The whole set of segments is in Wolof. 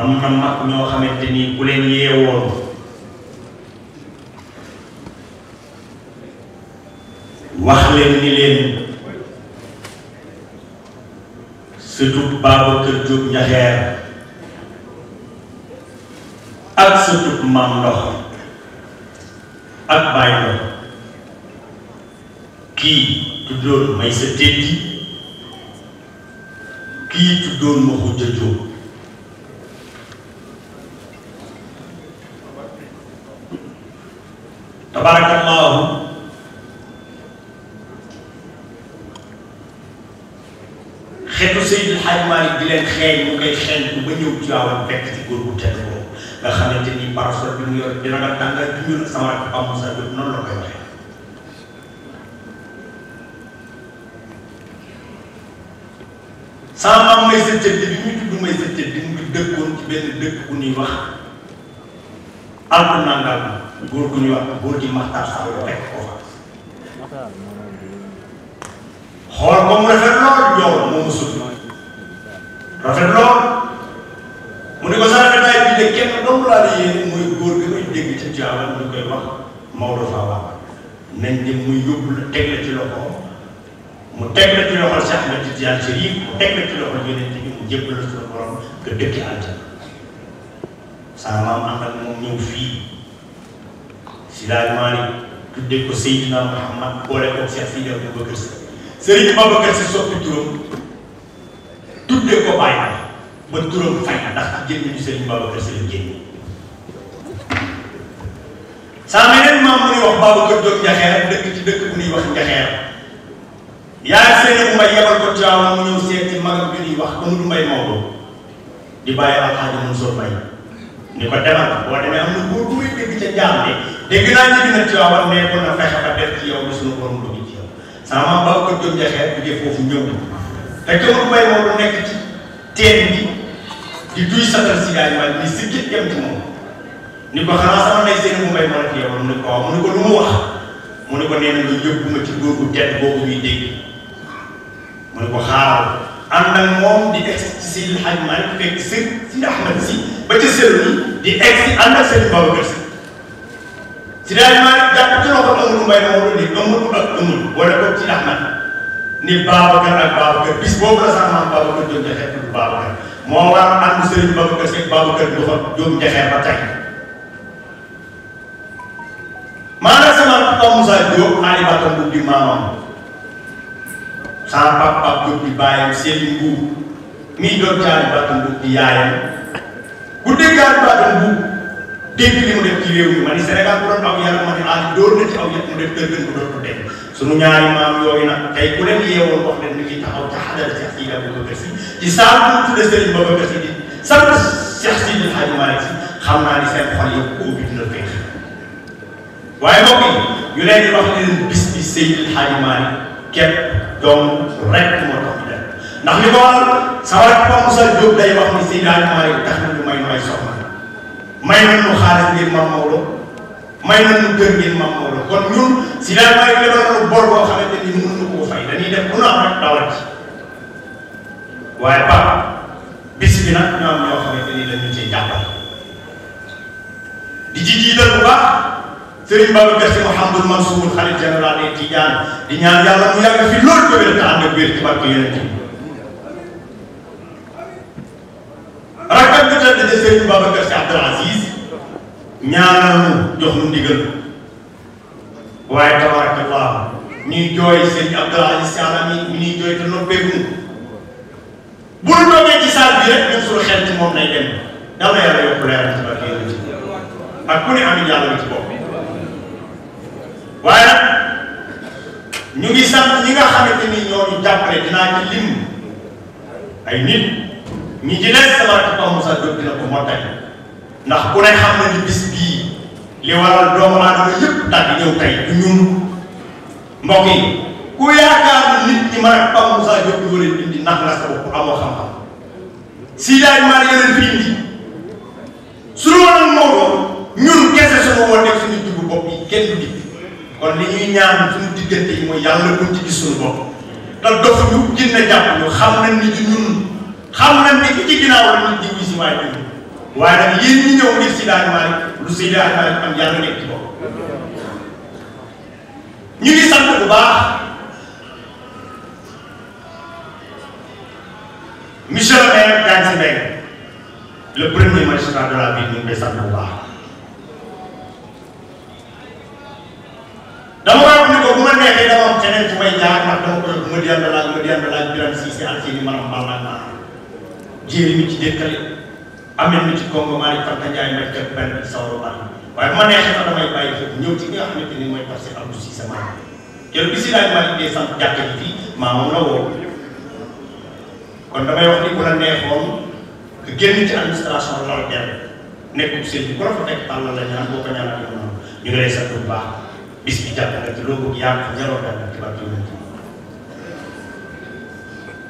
am na mag ñoo xamante ni ku leen yeewoon wax leen ni leen surtout Babacar Diop Ñaxeer ak surtout Mam Ndox ak Baay Ndox kii tuddoon may sa tëddi kii tuddoon ma xujja Diop tabarakallahu xeetu Seydil Hadji Malick di leen xeeñ mu ngay xeeñ bu ba ñëw Tiwaawan fekk ci góor bu tedd boobu nga ni parasol bi mu yor nga tànga du ñur sama rak am sa jot noonu la koy waxee sama maam may sa tëdd bi ñu tudd may sa tëdd bi mu ngi dëkkoon ci benn dëkk bu ñuy wax alku nangal góor gu ñuy wax góor gi Maxtaar Sall ko fa xool ba mu rafet lool ñëw moo mu sut rafet lool mu ne ko sa rafetaay bi de kenn doomu laa la yéene muy góor gi muy dégg ci Tiwaawan ñu koy wax Maodo Fawa nañ dem muy yóbbu la teg la ci mu teg la ci loxo Cheikh Ahmed Tidiane Chérif mu teg la ci loxo yeneen mu jébbal la suñu borom nga dëkk ànd sama maam ànd ak moom ñëw si laaj maa ni tuddee ko Seydina Mouhamad boole ko Cheikh Sidi Aboubacar Si Serigne Babacar Si soppi turam tuddee ko Baye ba turam fay na ndax jël nañu Serigne Babacar Si lañ génn saa meneen maam mu ñuy wax Babacar Diop Njaxeer dëkk ci dëkk bu ñuy wax Njaxeer yaay Serigne Mbaye yebal ko Tiwaawan mu ñëw seeti magam bi ñuy wax Amadou Mbaye Maodo di bàyyi alxaaji Mansour Mbaye ni ko demal boo demee am na góor muy dégg ca jaam de léegi naa ñu gën a Tiwaawan nekkoon na ba def ci yow lu suñu borom lu ci yow ko jëm lu nekk ci teen bi di duy satal si gaañ wàll ni si kit dem ci moom ni ko xanaa sama nay seen mu mbay mën a teewal mu ne ko waaw mu ne ko lu mu wax mu ne ko nee na nga yóbbu ci góor gu tedd boobu ñuy dégg mu ne ko xaaral ànd ak moom di egg si Seydi El Hadji Malick fekk si si Ahmed si ba ca sëriñ di egg si ànd ak seen Babacar si tidak maani jàpp ci loxo Amadou Mbaye Mamadou ni Amadou ak Amadou wala ko tidak Ahmad ini Babacar kan Babacar bis boobu la sax maam Babacar Diop Ndiakhate tudd Babacar moo war a ànd Serigne Babacar Seck Babacar Diop Ndiakhate ba tey maanaam sama papa Moussa Diop aani bàttam bu di maamam sampah papa Diop di bàyyam Seydou Mbour mii doon jaani bàttam bu di yaayam dégg li mu def ci réew mi ma ni Sénégal bu doon aw yàlla ma ne aaj dóor na ci aw yàlla mu def kër gën bu doon tuddee suñu ñaari maam yooyu nag tey ku leen yeewoon wax leen ni ngi taxaw ca xadara Cheikh Sidi Babacar Sy ci saa bu tudde Serigne Babacar Sy di sant Cheikh Sidi El Hadji Malick Sy xam naa ni seen xol yëpp ubbi dina koy waaye mbokk yi ñu leen di wax leen bis bi Seydi El Hadji Malick képp doom rek moo tax ñu def ndax li ko waral sama rek Pape Moussa Diop day wax ni Seydi El Hadji Malick tax na ñu may may soxna may nañ lu xaalis ngir Mame Maodo may nañ lu gër ngir Mame kon ñun si la may lebal bor boo xamante ni mënuñu am rek dawal ci waaye Pape bi nag ñoom ñoo xamante ni dañu cee jàppal di ci jiital bu baax Serigne Babacar Sy Mouhamadou Mansour xalifa général des Tidianes di ñaan yàlla mu yàgg fi loolu jógee te ànd ak wér ci barke yonent bi rakam bi tedd di Serigne Babacar Sy Abdoul Aziz ñaanal jox lu ndigal waaye tabarakallah ñuy jooy Serigne Abdoul Aziz Sy Al Amine ñuy jooy te noppeeguñu bu ñu toogee ci saal bi rek ñun suñu xel ci moom lay dem dama yàlla yokk leer ci barke yi ak ku ne amit yàlla ci bopp waaye nag ñu ngi sant ñi nga xamante ni ñoo ñu jàppale dinaa ci lim ay nit. ñi jëlee sama rakk Pape Moussa Diop dina ko mottali ndax ku ne xam na ni bis bii li waral doomu aadama yëpp daal di ñëw tey du ñun mbokk ku yaakaar nit ñi ma rakk Pape Moussa Diop ñu war a indi nax na sa bopp amoo xam ñun kese su ma woon def suñu dugg bopp yi kenn du kon li ñuy ñaan suñu diggante yi mooy yàlla buñ ci gis suñu bopp te dofuñu gën a jàpp ñu xam nañ ni ci ñun. xam na ni ci ginaaw la man diwi si waay bi waaye nag yéen ñi ñëw ngir si daan maay lu si daan maay am yàlla nekk ci bopp ñu ngi sant bu baax monsieur le maire Gagny Mbengue le premier magistrat de la ville ñu ngi koy sant bu baax dama wax ni ko bu ma dama am keneen fu may jaar ndax dama koy bu ma diyandalaag ma biram si si ak si ni maram baax naa jéeri mi ci dékkale amel mi ci kongo malik fanta jaay ma jël ben sawro bari waaye ma neexee fa damay bàyyi foofu ñew ci nga xamante ni mooy parce que abdou sisse maa jël bi si laaj maa ngi sant jàkk fi ma mo la wo kon damay wax ni ko la neexoon ke genn ci administration la dem nekkub sëñ bi ku la fa la ñaan boo ko ñaan ak ñu ngi lay sant bu baax bis bi jakk na ci logo bëgg yàgg ñaroo ci barki ñu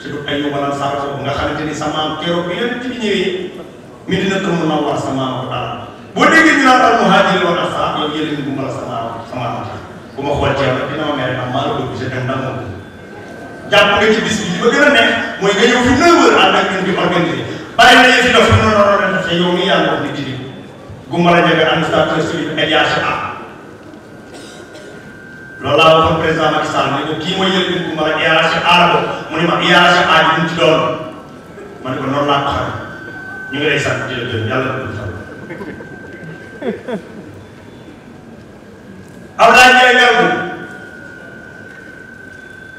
surtout ay wala saako nga xamante ni sama maam keroog bi yéen ci bi ñëwee Madinatul Munawwara sama maam ko daal boo déggee ñu naan al muhaajir wala sax yow yéen a ngi la sama sama maam bu ma xool ceeb dina ma mere ndax maa la bëgg je t'aime ndax moom jàpp nga ci bis bi li ba gën a neex mooy nga ñëw fi 9h ànd ak ñun di organiser bàyyi la yëf yi dof ñu ne la yow mii yaa ngi wax nit yi gu ma la jege administrateur civil médiation ah. loolu laa waxoon président Macky Sall ma ne ko kii mooy yëngu bu ma la IAC aar ko mu ne ma IAC aar yi mu ci doon ma ne ko noonu laa ko xamee ñu ngi lay sant jërëjëf yàlla na ko xam. Abdoulaye Ndiaye Ndiaye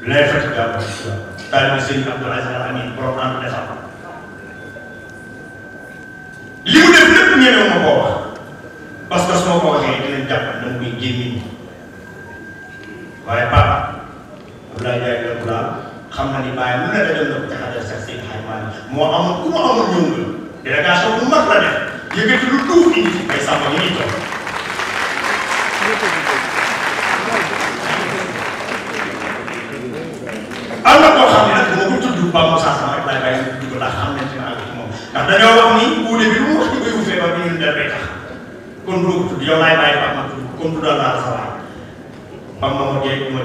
bi lay fekk gàllankoor taalibe sëñ Abdoulaye Sall Amin borom ànd defar li mu waaye papa Abdoulaye Ndiaye la Kula xam nañu ni bàyyi mu nekk dem na ko jaxase sax seen xaymaa moo amul ku ma amul ñëw nga délégation bu mag la def yëkkati lu tuuti ay sàmm ñu ngi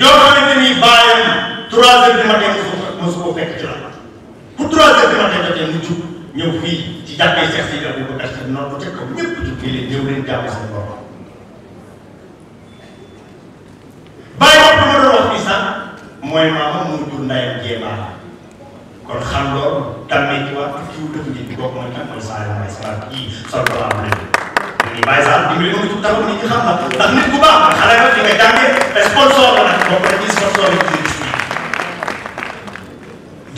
yoo xamante ni bàyyam trois heures du matin mosu ko fekk ci la pour trois heures du matin jotee mu jub ñëw fii ci jàppee Cheikh Sidi Aboubacar Sy noonu bu teg ko ñëpp jub nii leen ñëw leen jàppee seen borom bàyyi wax ma doon wax fii sax mooy maama mu jur ndayam jeebaa kon xam loolu tàmmee ci waa ci wu dëkk bi bokk na ci mooy saa yu may sa kii sa ñu bàyyi sax dimbali ko ci tànku nit ñi xam la ndax nit bu baax xale ba ci nga jàngee sponsor la nag bokk na ci sponsor yi ci bis bi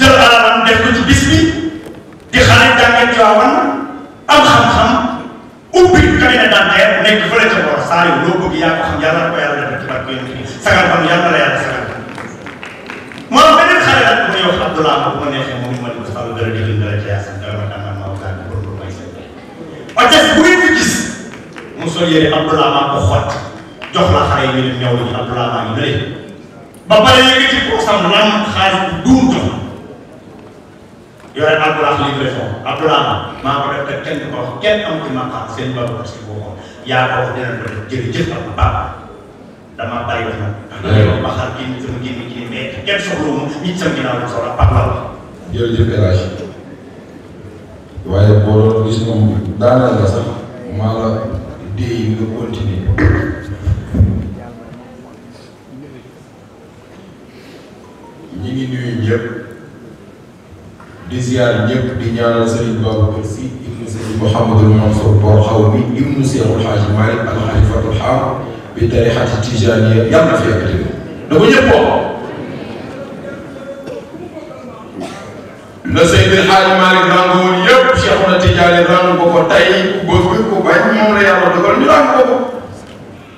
jël alalam def ko ci bis bi di xale jàngee Tiwaawan am xam-xam ubbi cabinet dentaire nekk fële ca bor saa yu loo bëgg yaa ko xam yàlla ko yàlla defal ci barke yéen fii sagal xam yàlla la yàlla sagal moo beneen xale nag bu ñuy wax Abdoulaye bu ma neexee moom ma di ko salu dara so yére abdullah maa ko xott jox la xale yi ñu ñëw lañu abdullah maa ngi nële ba pare yëkkati sam lam xaalis bu duum jox yore abdullah li ñu defoo abdullah maa ko def te kenn ko wax kenn am ci maqaam seen baba parce que boo ko yaa ko wax dinañ ko def jërëjëf ak baba dama bàyyi wax nag ba xar génn sama génn génn mais kenn soxlu mu nit sam ginnaaw ko soxla papa la jërëjëf El Hadj waaye boo doon gis moom la sax maa la day nga continuer ñi ngi nuyu ñëpp di ziar ñëpp di ñaanal Serigne Babacar Sy ibnu Serigne Mouhamadul Mansour Bor xaw mi ibnu Seexul Xaaji Malick al Xalifatul Xaam bi tarixati Tijaaniya yàlla na fi yàkkati da ko ñëpp wax la Seydi Xaaji Malick nanguwul yëpp Cheikh na Tidiane ràññu ko ko tey ku bëgg ku bañ moom la yàlla dogal ñu ràññ ko ko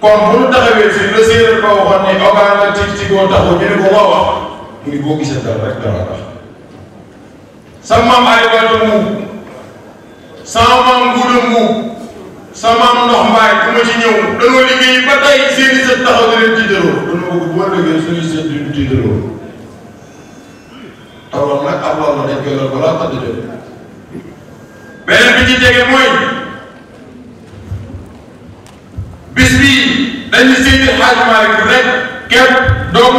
kon bu ñu taxawee fii la séeréer ba waxoon ni ogaa nga tig tigoo taxu ñu ne ko loo wax mu ngi boo gisee dara rek dara tax sa maam ay wàllu muub sa maam nguda muub sa maam ndox mbaay ku ma ci ñëw dañoo liggéey ba tey seeni sët taxaw di leen tiitaroo dañu bëgg boo liggéey suñuy sët di tiitaroo tawoon nag ab wàll dañ koy lor balaa tëdd jot beneen bi ci jege mooy bis bi dañu Seydi Hadji Malick rek képp donc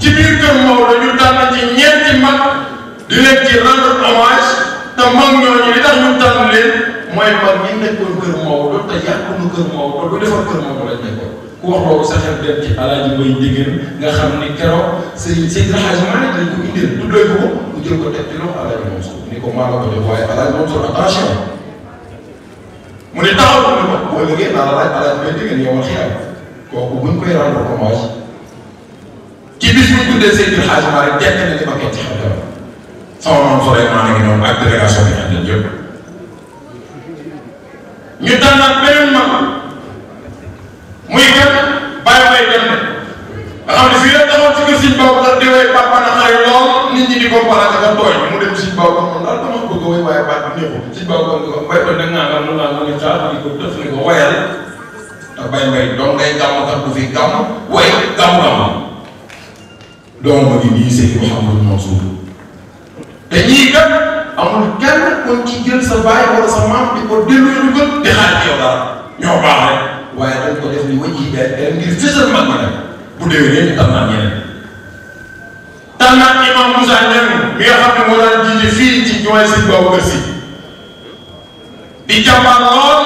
ci biir kër Maodo ñu tànn ci ñeenti mag di leen ci rendre hommage te mag ñooñu li tax ñu tànn leen mooy mag ñi nekkoon kër Maodo te yàqunu kër Maodo lu defar nekkoon وخلو سخر بيت علاج باي ديغن غا خامني كرو سي سي الحاج معني دنج كو اندي تودو كو وديو كو تيتلو على الموس نيكو ما لاكو دي واي علاج موس اتاشن موني تاو مو ولي غي نالا علاج علاج باي ديغن يوم الخيار كوكو بون كوي راند كو ماج كي بيس مو تودو سي الحاج معني تيت ني ما كنت خدام سامان فريم ما نيغي نون اك ديغاسيون ني اندي جيب ني تانا بيرن ما muy gën bàyyi may dem ne nga xam ne fii rek taxoon ci kër Sëñ Babacar di woy baat ba na xëy lool nit ñi di comparé ak tooñ mu dem Sëñ Babacar moom daal dama bëgg a woy waaye baat bi neexul Sëñ Babacar di ko bay ba nag naa nga mën naa nga caa di ko def ne ko woyal te bay mbay doom ngay gàmmkat du fi gàmm way gàmm gàmm doom ba gi nii Sëñ Mouhamadou Mansour te ñii kat amul kenn kon ci jël sa baay wala sa maam di ko dellu lu gën di xaar ci yow daal ñoo baax rek waaye dañ ko def ni wëñ yi jaay teel ngir fësal mag ma nag bu déwénee ñu tànnaat ñeneen. tànnaat imam Moussa Niang mi nga xam ne moo daan jiite fii ci ñooy sëñ Babacar Si di jàmbaar lool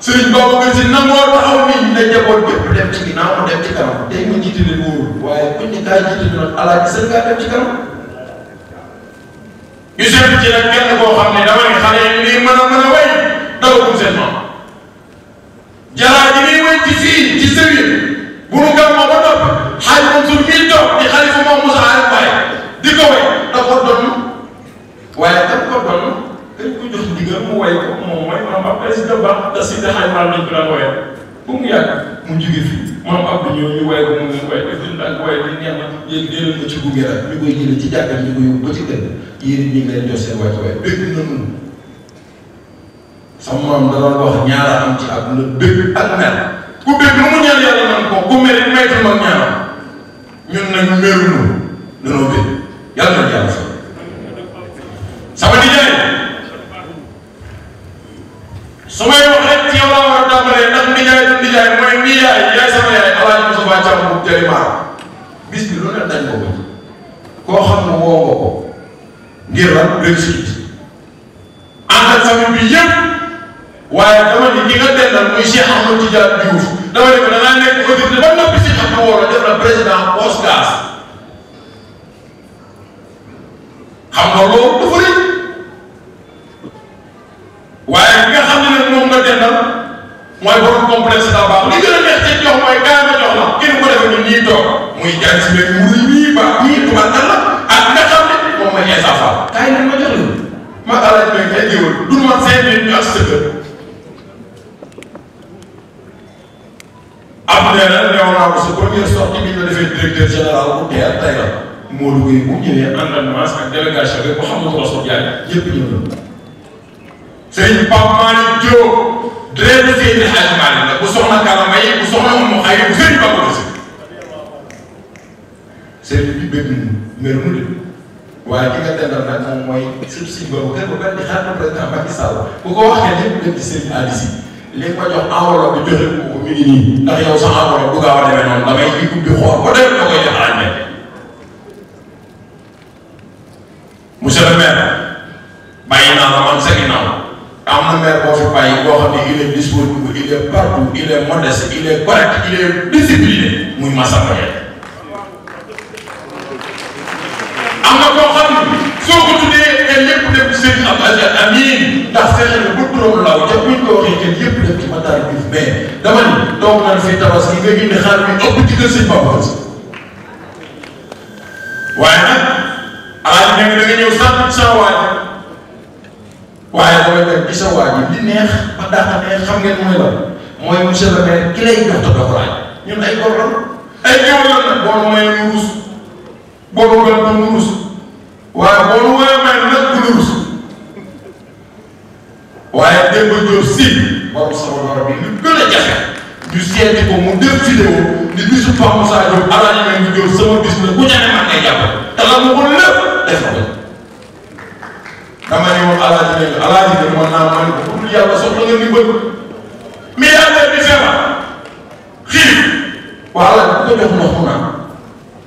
sëñ Babacar Si nangoo taxaw ni ne njaboot bépp dem ci ginnaaw mu dem ci kanam tey nga jiite leen wóorul waaye kuñ ne kaa jiite ñu nag alaaji sëñ kaa dem ci kanam. ñu seetlu ci nag kenn koo xam ne dama ne xale yi lii mën a mën a wéy daw jalaa ji muy wëcc fii ci sëriñ bu nu gam ma ba topp xaaj Mansour mii toog di xalifa moom Moussa Arif Baye di ko way da ko doon waaye da ko doon dañ ko jox ndigal mu way ko moom mooy maam ab président baax te si de xaaj maam lañ ko daan wayal bu mu yàgg mu jóge fii maam Abdou ñëw ñu way ko mu ngi way def dañ daan way di neex na yéen déedéet ko ci gunge rek ñu koy jëlee ci jàkkañ ñu ko yóbbu ba ci kër yéen it ñu ngi leen jox seen way ko way dégg na sama moom da doon wax ñaara am ci àdduna bëgg ak mer ku bëgg lu mu ñaan yàlla nan ko ku mer maytu mag ñaaram ñun nañ merunu danoo bëgg yàlla na yàlla sax sama di jaay su may wax rek ci yow laa war a tàmbalee ndax di jaay di jaay mooy mi yaay yaay sama yaay alaaj Moussa Thiam bu jëli maar bis bi lu ne dañ ko ko koo xam ne ngir lan réussite ànd ak bi yëpp waaye dama ni ñi nga dendal muy Cheikh Ahmed Tidiane Diouf dama ne ko da ngaa nekk autorité ba noppi si xam ne woo la def la président Oscars xam nga loolu dafa waaye bi nga xam ne nag moom nga dendal mooy borom complexe daa baax li gën a neex ci jox mooy gaa nga jox la ko defee ñun ñii toog muy jaay si mbir mu rëy ba ñii tubaab la ak nga xam ne moom mooy Essa Fall. kaay nañ ma jox ma alaaj may kay jëwal du ma seen ñu ak sa Maodo sa première sortie bi ñu ko defee directeur général bu DER tey la Modou Gueye bu ñëwee àndandoo ak délégation bi Mouhamadou Rassoul Diagne yëpp ñëw na. sëñ Pape Malick Diop dërër Seydi Hadj Malick la bu soxla Karama yi bu soxla Oumou Xayri bu sëñ Pape Malick bi bëgg na mel mu waaye ki nga dendal nag moom mooy sëñ si Mbow kër ba benn xaar na président Macky Sall bu ko waxee lépp dem ci sëriñ Aliou li nga ko jox enveloppe bi joxe ko mi ngi nii ndax yow sa enveloppe bu gaaw a demee noonu da ngay ji ubbi xool ba man sa ginnaaw am na maire boo fi bàyyi boo xam ne il est disponible correct il est discipliné muy Massa Mbaye am Serigne Abdoulaye Amin ndax fexe na bëgg loolu laaw te buñ ko waxee kenn yëpp def ci Matar Diouf mais dama ni donc naan fii tabaski nga gis ne xaar bi ëpp ci kër Serigne Bamba waaye nag alaaj nekk da nga ñëw sant sa waaj waaye damay dem ci sa waaj neex ba daax neex xam ngeen mooy mooy monsieur le maire ki lay jox te doo laaj ñun ay góor lan ay góor lan nag boo nu mayee waaye boo nu mayee may waaye Demba Diop si borom sama borom bi lu gën a jafe ñu ko mu def vidéo ni bisu Pape Moussa Diop alaaji ma ñu Diop sama bis la bu ñane man ngay jàpp te la mu ko lépp def ko dama ne woon alaaji ma ñu alaaji ma mën naa ma ne ko pour yàlla soxla nga ni bëgg mais yàlla bi feebar xiif wala ku ko jox ndox mu naan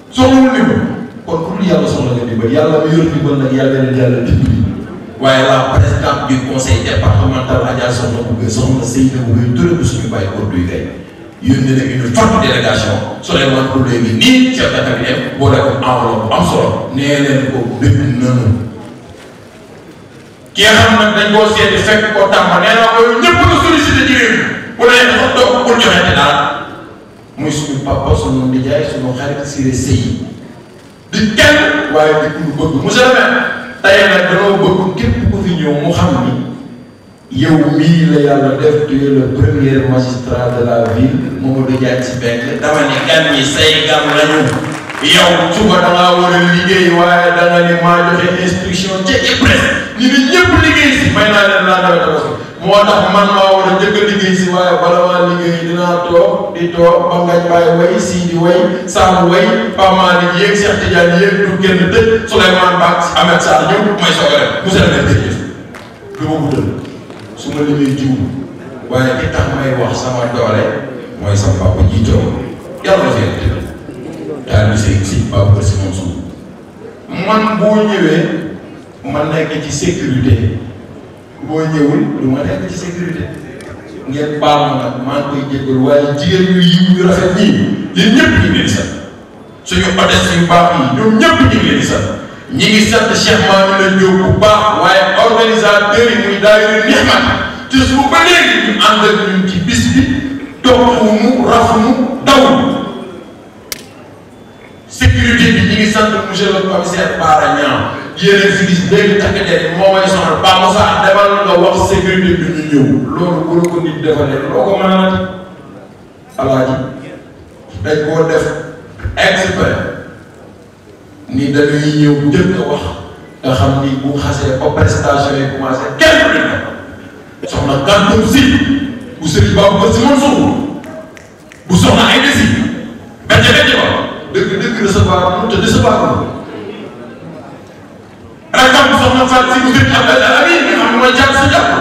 soxlawul ni ko kon pour yàlla nga ni bëgg yàlla mi yor ni bëgg nag yàlla na yàlla dimbali waaye la présidente du conseil départemental Adja Soxna Koungheul soxna Seydou Koungheul turam suñu bàyyi ko duy tey yónnee na une forte délégation su leen wan ko léegi nii chef d' cabinet boo def enveloppe am solo nee leen ko bépp nanu ki nga xam nag dañ koo seeti fekk ko tàmba nee naa ko yow ñëpp nga sollicité ci réew bu dee dafa toog pour joxe te daal muy suñu papa suñu nijaay suñu xarit Siré Sey di kenn waaye di lu bëgg monsieur le maire tey nag dama bëgg képp ku fi ñëw mu xam ni yow mii la yàlla def tu es le premier la ville Mamadou Diagne Sy Mbengue dama ne gan ñi say gan lañu yow suba da ngaa war liggéey waaye da maa joxe instruction ca IPRES ñu ne ñëpp liggéey si may naa leen laa nawet moo tax man maa war a njëkk a si waaye bala maa liggéey dinaa toog di toog ba ngañ way sii di way sàmm way Pape Malick yéeg Cheikh Tidiane yéeg du kenn tëj Souleymane Ba Ahmed Sarr ñëw may soog a rek monsieur le maire jërëjëf du ma guddal su ma limee jiw waaye li tax may wax sama doole mooy sama papa ji toog yàlla na fee tëj daal di sëñ si papa si moom man boo ñëwee ma nekk ci boo ñëwul du ma nekk ci sécurité ngeen baal ma nag maa ngi koy jégalu waaye jigéen yu yiw yu rafet ñii yéen ñëpp ñu ngi leen di sant suñu hôtesse yu baax yi ñoom ñëpp ñu ngi leen di sant ñi ngi sant Cheikh Mamadou la Diop bu baax waaye organisateur yi muy daayira Nihmat te suba ba léegi ñu ànd ak ñun ci bis bi toppatoo rafnu dawul sécurité bi ñi ngi sant monsieur le commissaire Bara yéen a fi gis léegi takk der yi moo may soxal ba mu sax demal nga wax sécurité bi ñu ñëw loolu bu ko nit defalee loo ko mën a alaaji dañ koo def exprès ni dañuy ñëw njëkk a wax nga xam ni bu xasee ba prestation yi commencé kenn du ne soxna gàttum si bu sëriñ Babacar Sy Mansour bu soxna ay desi benn benn ba dëgg dëgg recevoir te recevoir rakam soxna Fatou si biir Abdel Amin nga xam ne mooy jàpp si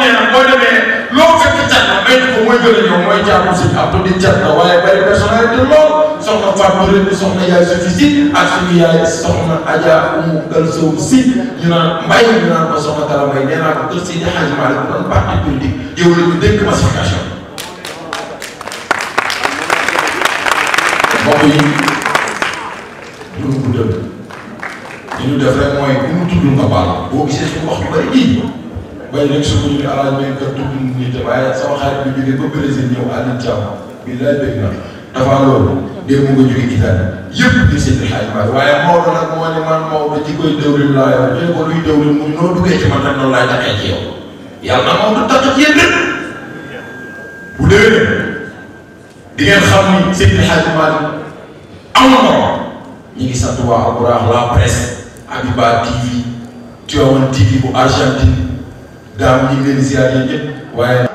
nee na boo demee loo fekk jàpp may ko mooy gën a ñëw mooy jàpp si ab di jàpp waaye bari personnalité lool soxna Fatou Reen bi soxna yaay Sofi si ak suñu yaay soxna Adja Oumou Kalsoum si ñu naan mbay ñu naan ko soxna Talla Mbaye nee naa ko kër si di xaj Malick bu doon parti politique yow la ñu dégg massification. mbokk yi ñu ngi guddal. li ñu mooy bu mu nga baal boo gisee suñu waxtu bari bii bay rek su ko ñu alaaj may ka tudd nit te waaye sama xarit bi jógee ba Brésil ñëw Alioune Thiam bi lay bëgg na dafa loolu démb nga jóge Italie yëpp di Seydi Hadji Malick waaye Maodo nag moo ne man Maodo ci koy dëwlin laa yor ñu ne ko luy dëwlin mu noo duggee ci man rek laay taxee ci yow yàlla na Maodo tax ci di ngeen xam ni Seydi Hadji Malick am na ñu ngi sant waa Habiba TV Tivaouane TV bu Argentine daam ñu ngi leen ziar yéen ñëpp waaye.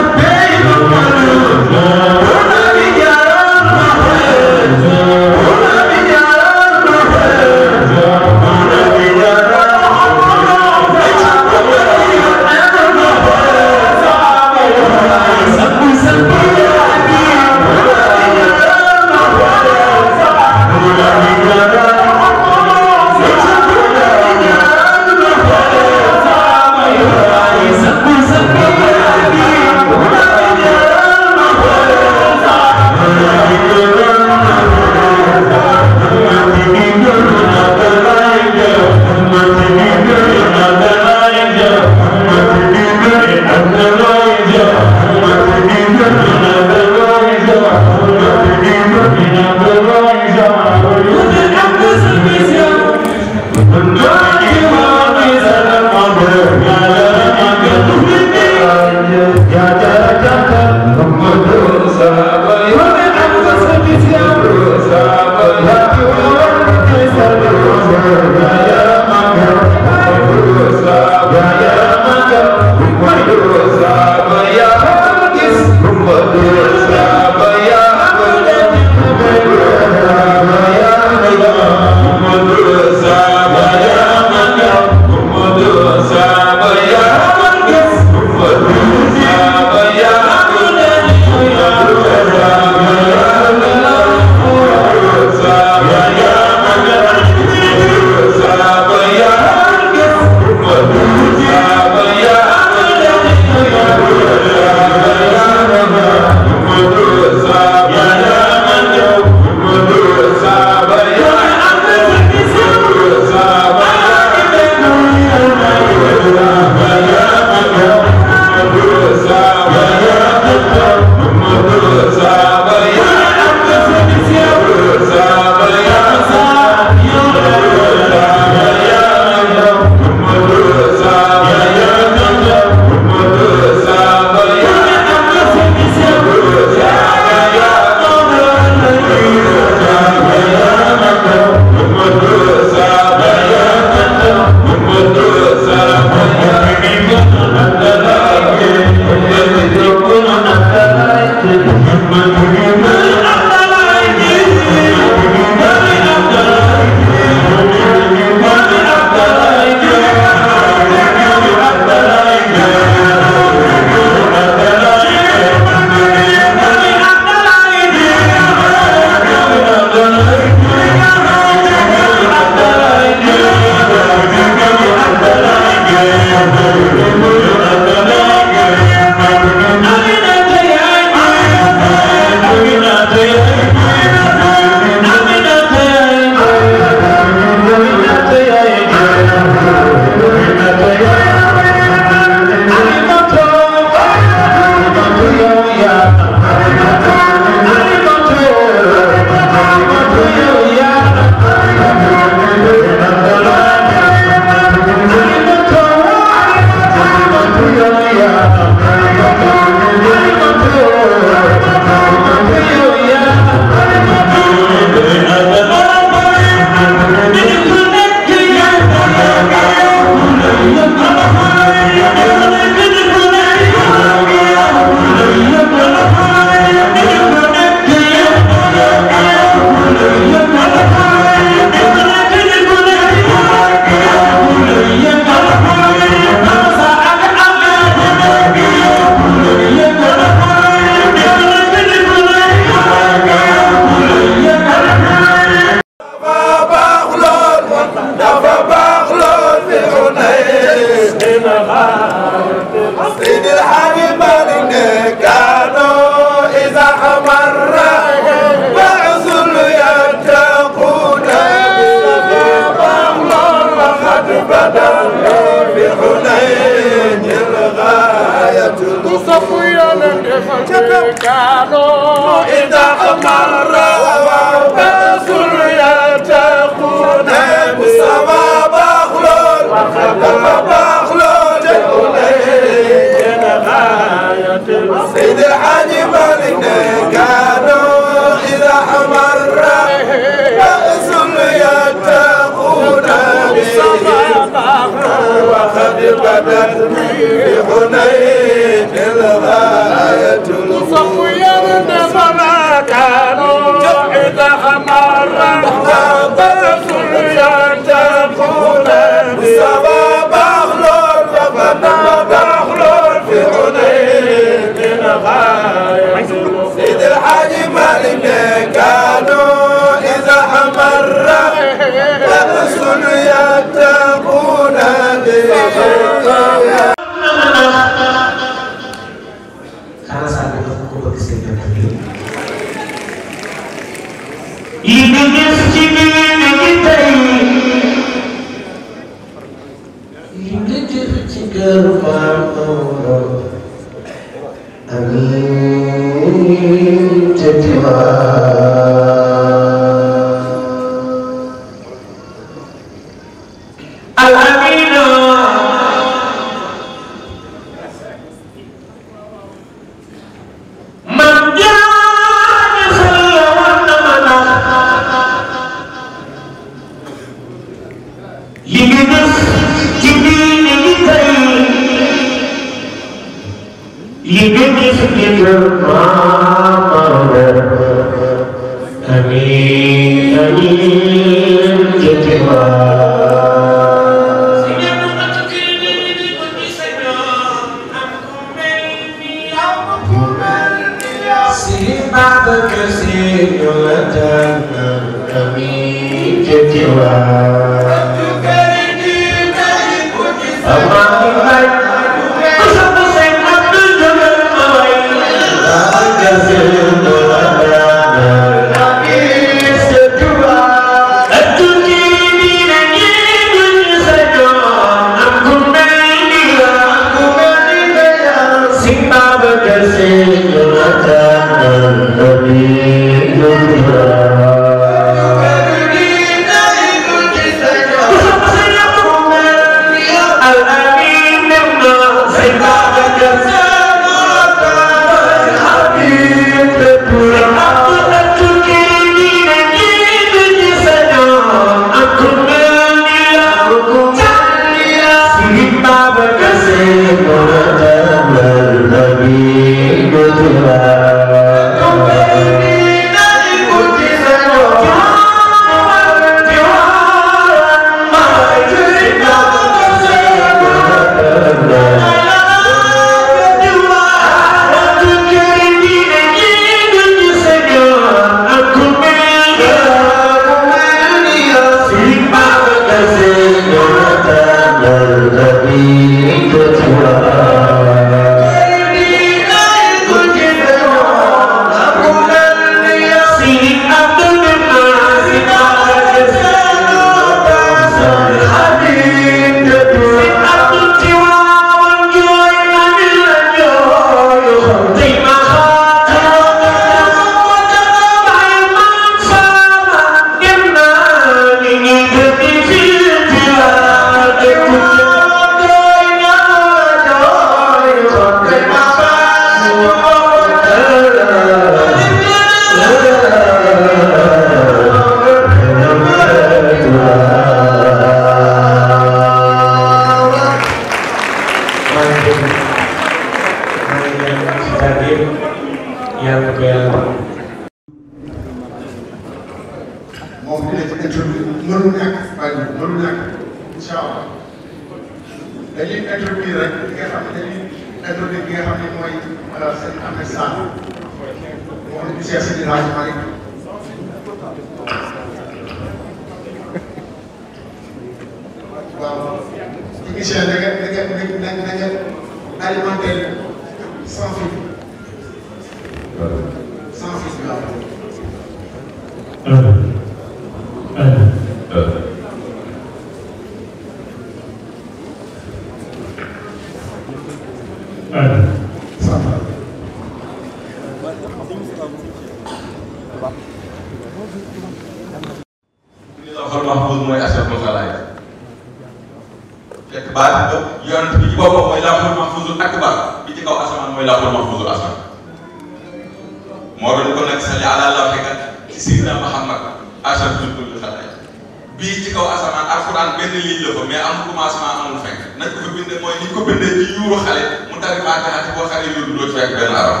kaw asamaan alxuraan benn ligne la fa mais amul commencement amul fekk nañ ko fa bindee mooy ni ñu ko bindee ci yuuru xale mu tari Faatiha ci boo xale yooyu doo ci fekk benn araf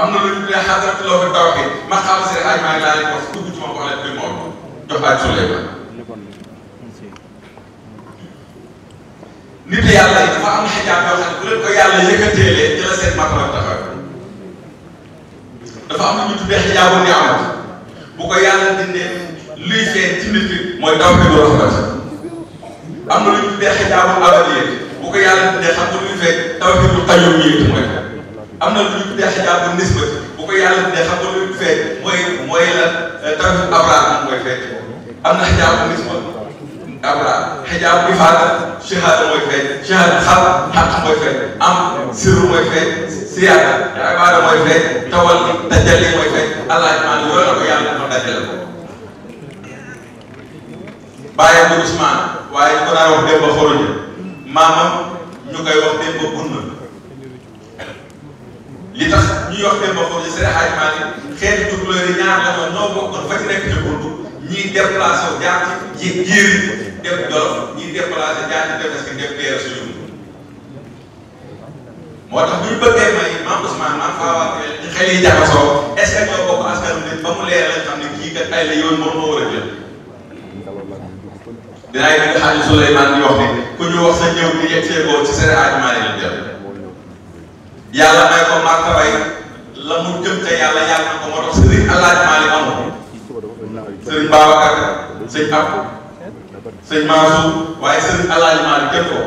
am na lu ñu tuddee xadratu loo fa taw xëy ma xam si rek ay maa ngi laa leen wax dugg ci ma wax leen bi moom jox ak Suleymaan nit yàlla yi dafa am xijaab yoo xam ne bu leen ko yàlla yëkkateelee ci la seen matalam taxaw dafa am lu ñu tuddee xijaabu ni bu ko yàlla dindee luy feeñ ci nit ki mooy taw bi doon xalaat am na lu ñu tuddee xijaabu abadiyee bu ko yàlla dindee xam nga luy feeñ taw bi du tayoo yéeg mooy am na lu ñu tuddee xijaabu nisba bu ko yàlla dindee xam nga luy feeñ mooy mooy la taw bi abraham mooy feeñ am na xijaabu nisba abraham xijaabu ifaada shahaada mooy feeñ shahaada xal xaq mooy feeñ am siru mooy feeñ siyaada ibaada mooy fay tawal dajale mooy fay allah iman yooyu la ko yàlla dafa dajale ko bàyyam bi Usmaan waaye ñu ko daan wax démb xoroja maamam ñu koy wax démb gunna li tax ñuy wax démb xoroja seen xaymaa ni xeeti tukulóor yi ñaar la ñoo ñoo bokkoon fa nekk ci gurdu ñiy déplacé jaar ci ji jiir dem Jolof ñiy déplacé jaar ci dem est ce que dem moo tax bu ñu bëggee may maam Ousmane maam Fawa xel yi jaxasoo est ce que ñoo bokk askan nit ba mu leer lañ xam ne kii kat ay la yoon moom moo war a jël. dinaay dégg xaaju Souleymane di wax ne ku ñu wax sa ñëw di yegg seegoo ci seen ajumaane lañ jël yàlla may ko màkkabay la mu jëm ca yàlla yàlla na ko moo tax sëriñ alaajmaa li amul sëriñ Babacar sëñ Abdou sëñ Mansour waaye sëriñ alaajmaa li jëm ko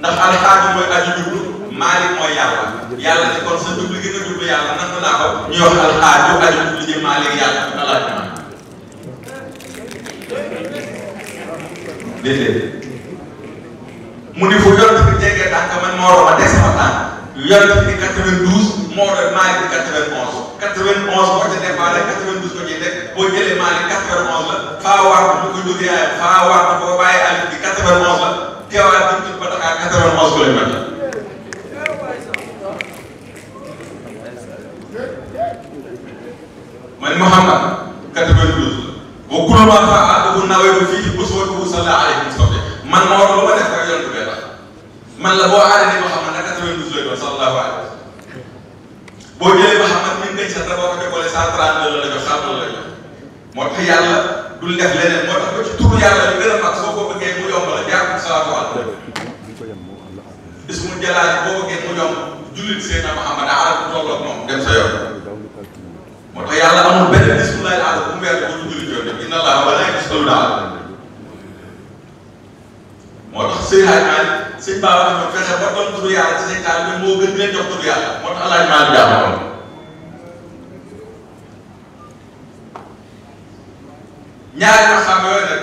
ndax alxaaju mooy aju jublu malik mooy yàlla yàlla ne kon sa jublu gi nga jublu yàlla nangu naa ko ñu wax alxaaju aju jublu ji malik yàlla alaaj ma déedéet mu ni fu yonent bi jegee tànk man moo roma des sama tànk yonent bi 92 moo doon malik 91 91 boo ci def 92 ko ciy teg boo jëlee maa 91 la faa war ko ko jógee faa war ko bàyyi alif bi 91 la teewaat ba Dakar 91 ko lay mën Muhammad 92 wa kulluma fa'alahu nawaytu fihi uswatuhu sallallahu alayhi wa sallam man ma war ma def rek yonent bee man la boo aaree Muhammad nag 92 lay doon sallallahu alayhi boo jëlee Muhammad mi ngi sa boo ko déggoolee 132 la la jox 132 la jox moo tax yàlla moo tax ba ci turu yàlla bi gën a mag soo ko bëggee ko salaatu ala bis mu jëlaat boo bëggee mu yomb jullit seen Muhammad arab tolloog waaye amul benn bisimilah àll bu mu weer bu ñu julli jooju inna allah wala ay gis loolu daal moo tax sëñ Aliou Aliou sëñ Ba wax na fexe ba doon turu yàlla ci seen taal bi moo gën leen jox turu yàlla moo tax El Hadj Malick jàpp ko ñaari yoo xam ne yooyu nag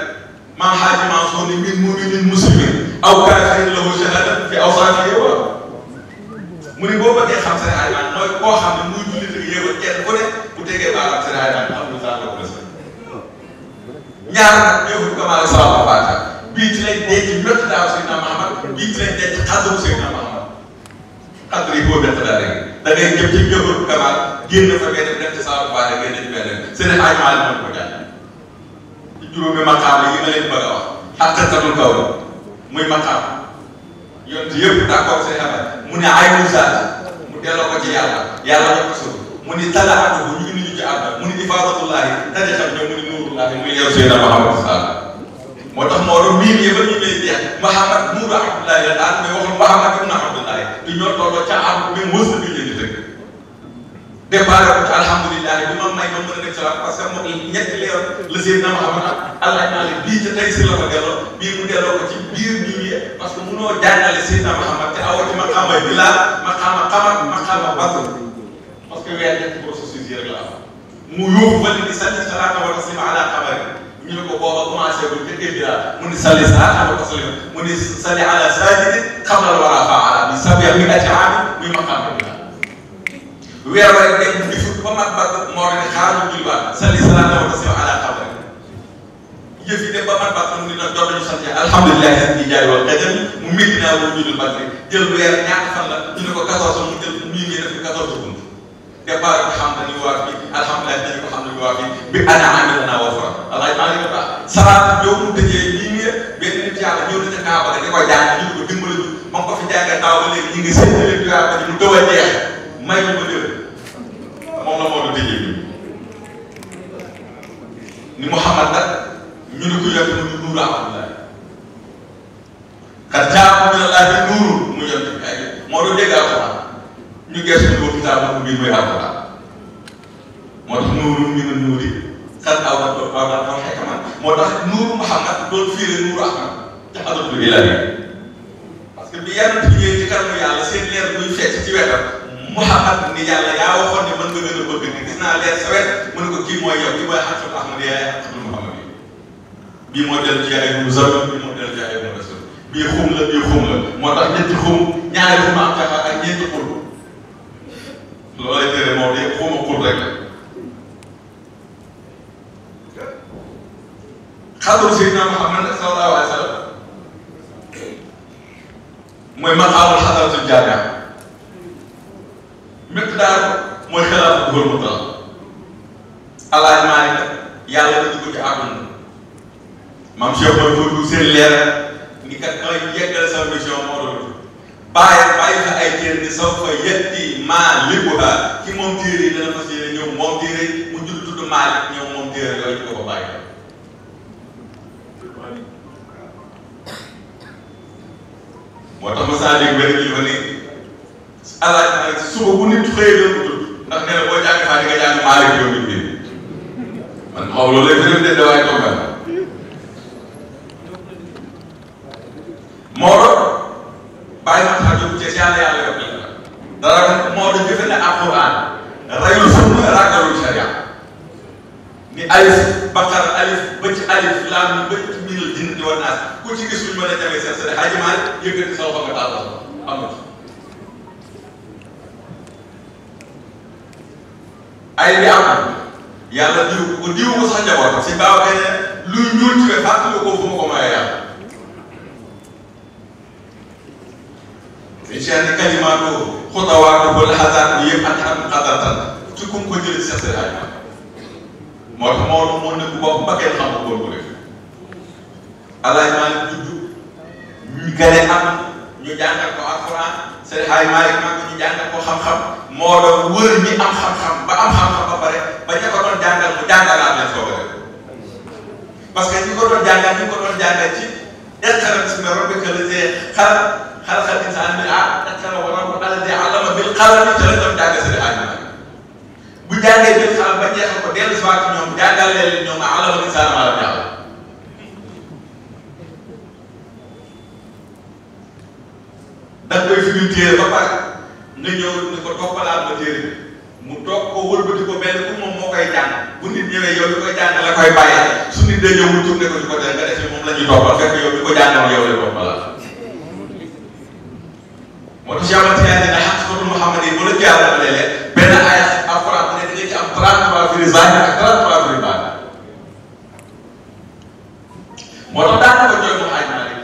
maam Xaaji Mansour ni min muminin muslimin aw kaafirin lahu shahada fi awsaafi yow mu ne boo bëggee xam seen Aliou mooy koo xam ne muy jullit ak yéego kenn ku ne bu déggee baal ak siraay daal am lu saa ko bëgg ñaar nag ñëw ñu commencé sama faata bii ci lañ denc ñett daaw si na Mahamad bii ci lañ denc xadru si na Mahamad xadru yi boo bett daa rek da ngay jëm ci ñëwul kamaal génn fa ngay dem def ci sama faata ngay def benn seen ay maal mën ko jàng ci juróomi maqaam yi ma leen bëgg a wax xaqatatul kaw muy maqaam yoon ci yëpp d'accord seen xamal mu ne ay mu delloo ko ci yàlla yàlla jox ko suuf mu ni talaata bu ñu indi ñu ci àdduna mu ni ifaadatullaahi daje xam ñoom mu ni nuurullaahi Muhammad Sall moo tax moo doon miin yëpp Muhammad nuuru Abdullaahi la daan mais waxul Muhammad ibn Abdullaahi du ñoo tolloo ca am même wës na biñ leen di dëkk. déparé ko ci alhamdulilah bi ma may ma mën a def salaat parce que moom ñetti la Seydina Muhammad allah bii ca tey si la bii mu delloo ko ci biir nit ñi parce que munoo Muhammad te awoo ci maqaama bilaal maqaama xamat fukki weer ñetti processus yi rek la am mu yuuxu wala di salli salaata wa taslima ala xabari ñu ne ko booba commencé ba njëkkee biraa mu ni salli salaata wa taslima mu ni salli ala sajidi xamal wala faala bi sabir mi ati aami muy maqaam rabila weer wa rek dañ di fukk ba mat ba moo ne xaaral ñu julliwaat salli salaata wa taslima ala xabari yëf yi dem ba mat ba xam ni nag doon nañu sant alhamdulilah di jaay wal qadami mu métti naa wala ñu dul jël weer ñaata fan la ñu ne ko 14 mu jël départ bi xam nañu waa fii alhamdulilah dinañ ko xam nañu waa fii bi ana amee la naa woo fa allah maa ngi leen baax salaat ñëw mu tëjee lii nii rek benn nit yàlla ñëw na ca Kaaba di ko jàng ñu ko dimbali ñu ma ko fi jàngee daaw ba léegi ñu ngi seen a jeex may ñu ko déglu moom la moo tëjee bi ni Muhammad nag ñu ne ko yàgg mu ñu nuuru alhamdulilah xar jaamu min allahi nuuru mu yàgg ay ñu gëstu ko kitaabu bi muy alquran moo tax nuuru mi na nuuri xar aw na ko aw na ko xekkaman moo tax nuuru Muhammad doon fiire nuuru Ahmad te adopté bi la parce que bi yàlla jigéen ci kanamu yàlla seen leer buy fecc ci wetam Muhammad ni yàlla yaa waxoon ne mën nga gën a bëgg ni gis naa leer sa wet mu ne ko kii mooy yow kii mooy xaritul Ahmad yaay xaritul Muhammad bi bii moo del ci ay mu zaw bi moo del ci ay mu rasul bii xum la bii xum la moo tax ñetti xum ñaari xum am ak ñeenti xum loola téere moom de xuma xul rek la xadru Seydina Muhammad sallallahu alayhi wa sallam mooy maqaamul xadratul jaami'a métt daal mooy xelaat bu góor mu tax alaaj maa ne yàlla da dugg ci àdduna maam Cheikh mooy foofu seen leer ni kat damay yeggal sa mission moo doon bàyyi bàyyi fa ay jéer ni saw fa yetti maa libuha ki moom téere yi dana fas yéene ñëw moom téere mu jul tudd Maalik ñëw moom téere yooyu ñu ko ko bàyyi ma saa dégg benn kilifa ni alaaj ma ne suba bu nit xëy na mu tudd ndax nee na boo jàng faa di nga jàng Maalik yow nit ñi man xaw bàyyi ma xar yóbbu Cees yàlla yàlla yóbbu la dara moo di jëfe ne alquran rayu sunna ragalu sharia ni alif bakar alif ba alif laam yi ba ci minal jinn di wan as ku ci gis luñ mën a jamee seen sëriñ xaaj maa yëkkati sa loxo nga taal la amul ay li am yàlla diw ko diw ko sax njaboot si baaw kay ne luy ñuul ci fàttali ko fu ma ko jaani kalimaatoo xutawaatoo wala xasaar bi yëpp ak am xasaatal ci ku mu ko jëlee Cheikh Seydi Hadji moo tax Maodo moo nekk bopp ba kenn xamul woon ko def Alaaji Maalik juddu ñu gane am ñu jàngal ko alquran Seydi Hadji Maalik mag ñu jàngal ko xam-xam Maodo wër ñi am xam-xam ba am xam-xam ba pare ba ña ko doon jàngal mu jàngalaat leen soog a def parce que ñi ko doon jàngal ñi ko doon jàngal ci yàlla xaral si ne rabbika lazii xalaq xalaqal insaan min alaq akkarahu rabbuhu allazii allama bil qalam ca la doon jàngee sëriñ Aliou bu jàngee bil qalam ba jeexal ko dellu si waat ñoom jàngal leen ñoom allamal insaan maa lam ya'lam da koy firi téere ba pare nga ñëw ni ko toppalaat ma téere bi mu toog ko wëlbati ko benn ku moom moo koy jàng bu nit ñëwee yow li koy jàng la koy bàyyi su nit dee ñëw mu tourné ko ci côté nga defee moom la ñuy toppal fekk yow li ko jàngal yow la toppalaat moo tax yàlla teel a ne ndax xaqatu Muhammad yi bu la jaarale léeg-léeg benn aaya alquran bu ne da nga ci am 33 firi zahir ak 33 firi baatin moo tax daanaka ñooy mu aaj naa rek